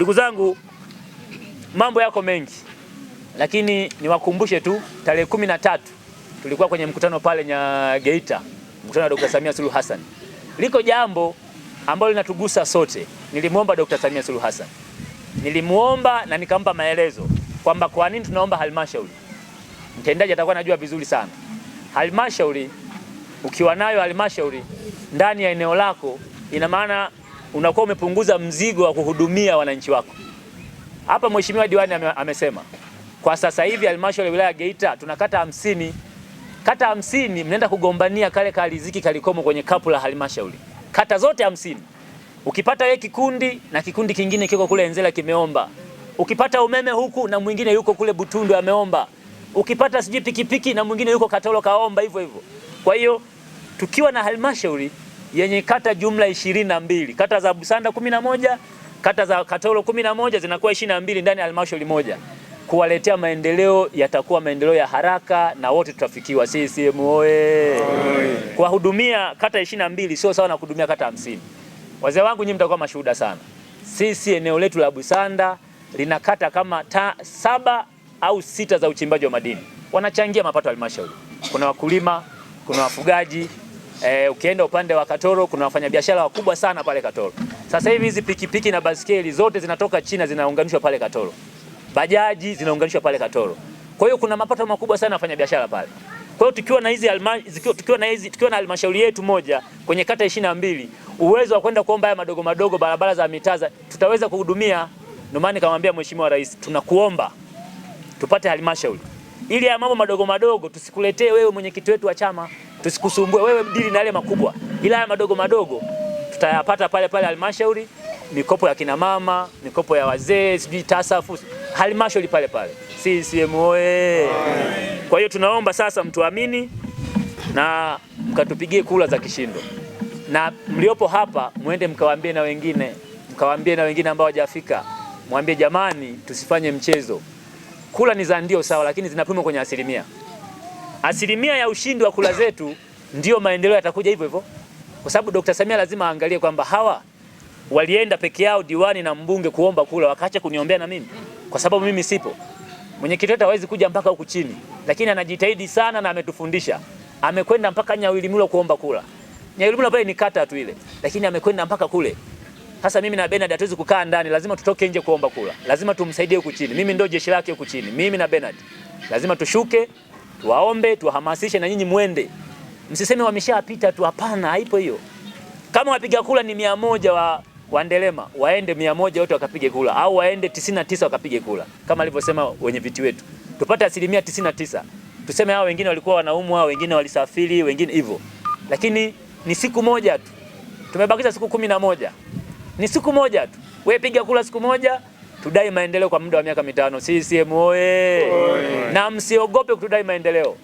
Ndugu zangu, mambo yako mengi, lakini niwakumbushe tu, tarehe kumi na tatu tulikuwa kwenye mkutano pale nya geita mkutano wa Dr. Samia Suluhu Hassan. Liko jambo ambalo linatugusa sote. Nilimwomba Dr. Samia Suluhu Hassan, nilimwomba na nikampa maelezo kwamba kwa nini tunaomba halmashauri. Mtendaji atakuwa anajua vizuri sana halmashauri. Ukiwa nayo halmashauri ndani ya eneo lako, ina maana unakuwa umepunguza mzigo wa kuhudumia wananchi wako. Hapa mheshimiwa diwani amesema kwa sasa hivi halmashauri ya wilaya ya Geita tuna kata hamsini. Kata hamsini mnaenda kugombania kale kaliziki kalikomo kwenye kapu la halmashauri, kata zote hamsini. Ukipata ye kikundi na kikundi kingine kiko kule Enzela kimeomba, ukipata umeme huku na mwingine yuko kule Butundu ameomba, ukipata sijui pikipiki na mwingine yuko Katolo kaomba, hivyo hivyo. Kwa hiyo tukiwa na halmashauri yenye kata jumla ishirini na mbili kata za Busanda kumi na moja kata za Katoro kumi na moja zinakuwa ishirini na mbili ndani ya halmashauri moja kuwaletea maendeleo yatakuwa maendeleo ya haraka na wote tutafikiwa. CCM oye! Kuwahudumia kata ishirini na mbili sio sawa na kuhudumia kata hamsini. Wazee wangu nyinyi mtakuwa mashuhuda sana. Sisi eneo letu la Busanda lina kata kama ta, saba au sita za uchimbaji wa madini, wanachangia mapato ya halmashauri. Kuna wakulima, kuna wafugaji E, ukienda upande wa Katoro kuna wafanyabiashara wakubwa sana pale Katoro. Sasa hivi hizi pikipiki na baskeli zote zinatoka China zinaunganishwa pale Katoro, bajaji zinaunganishwa pale Katoro. Kwa hiyo kuna mapato makubwa sana wafanyabiashara pale. Kwa hiyo tukiwa na hizi tukiwa na hizi tukiwa na halmashauri yetu moja kwenye kata ishirini na mbili uwezo wa kwenda kuomba haya madogo madogo barabara za mitaza tutaweza kuhudumia. Ndio maana nikamwambia Mheshimiwa Rais, tunakuomba tupate halmashauri ili haya mambo madogo madogo tusikuletee wewe mwenyekiti wetu wa chama tusikusumbue wewe, dili na yale makubwa, ila haya madogo madogo tutayapata pale pale halmashauri, mikopo ya kina mama, mikopo ya wazee, sijui tasafu, halmashauri pale pale. CCM oye! Eh. Kwa hiyo tunaomba sasa mtuamini na mkatupigie kula za kishindo, na mliopo hapa mwende mkawaambie na wengine, mkawaambie na wengine ambao hawajafika, mwambie jamani, tusifanye mchezo. Kula ni za ndio sawa, lakini zinapimwa kwenye asilimia asilimia ya ushindi wa kura zetu, ndio maendeleo yatakuja hivyo hivyo, kwa sababu Dr. Samia lazima aangalie kwamba hawa walienda peke yao diwani na mbunge kuomba kula, wakaacha kuniombea na mimi kwa sababu mimi sipo. Mwenyekiti wetu hawezi kuja mpaka huku chini, lakini anajitahidi sana na ametufundisha. Amekwenda mpaka Nyawilimlo kuomba kula. Nyawilimlo pale ni kata tu ile, lakini amekwenda mpaka kule. Sasa mimi na Bernard hatuwezi kukaa ndani, lazima tutoke nje kuomba kula, lazima tumsaidie huku chini. Mimi ndio jeshi lake huku chini, mimi na Bernard lazima tushuke tuwaombe, tuwahamasishe na nyinyi mwende, msiseme wameshapita tu. Hapana, haipo hiyo. Kama wapiga kula ni mia moja wa wa Ndelema waende mia moja wote wakapige kula, au waende tisa wakapige kula, kama alivyosema wenye viti wetu, tupate asilimia tisa. Tuseme hao wengine walikuwa wanaumwa, wengine walisafiri, wengine hivyo, lakini ni siku moja tu, tumebakiza siku kumi na moja, ni siku moja tu. Wewe piga kula siku moja, tudai maendeleo kwa muda wa miaka mitano. CCM oye! na msiogope kutudai maendeleo.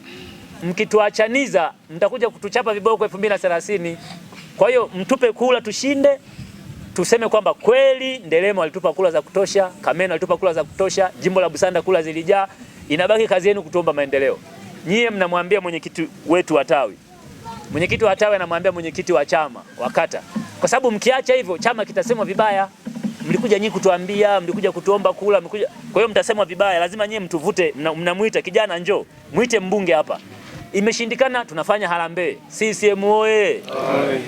Mkituachaniza mtakuja kutuchapa viboko elfu mbili na thelathini. Kwa hiyo mtupe kula tushinde, tuseme kwamba kweli Ndelemo alitupa kula za kutosha, Kameno alitupa kula za kutosha, jimbo la Busanda kula zilijaa. Inabaki kazi yenu kutuomba maendeleo. Nyie mnamwambia mwenyekiti wetu wa tawi, mwenyekiti wa tawi anamwambia mwenyekiti wa chama wa kata, kwa sababu mkiacha hivyo chama kitasemwa vibaya mlikuja nyinyi kutuambia, mlikuja kutuomba kula, mlikuja. Kwa hiyo mtasemwa vibaya, lazima nyinyi mtuvute, mnamuita kijana, njoo mwite mbunge hapa. Imeshindikana, tunafanya harambee. CCM oye! Eh.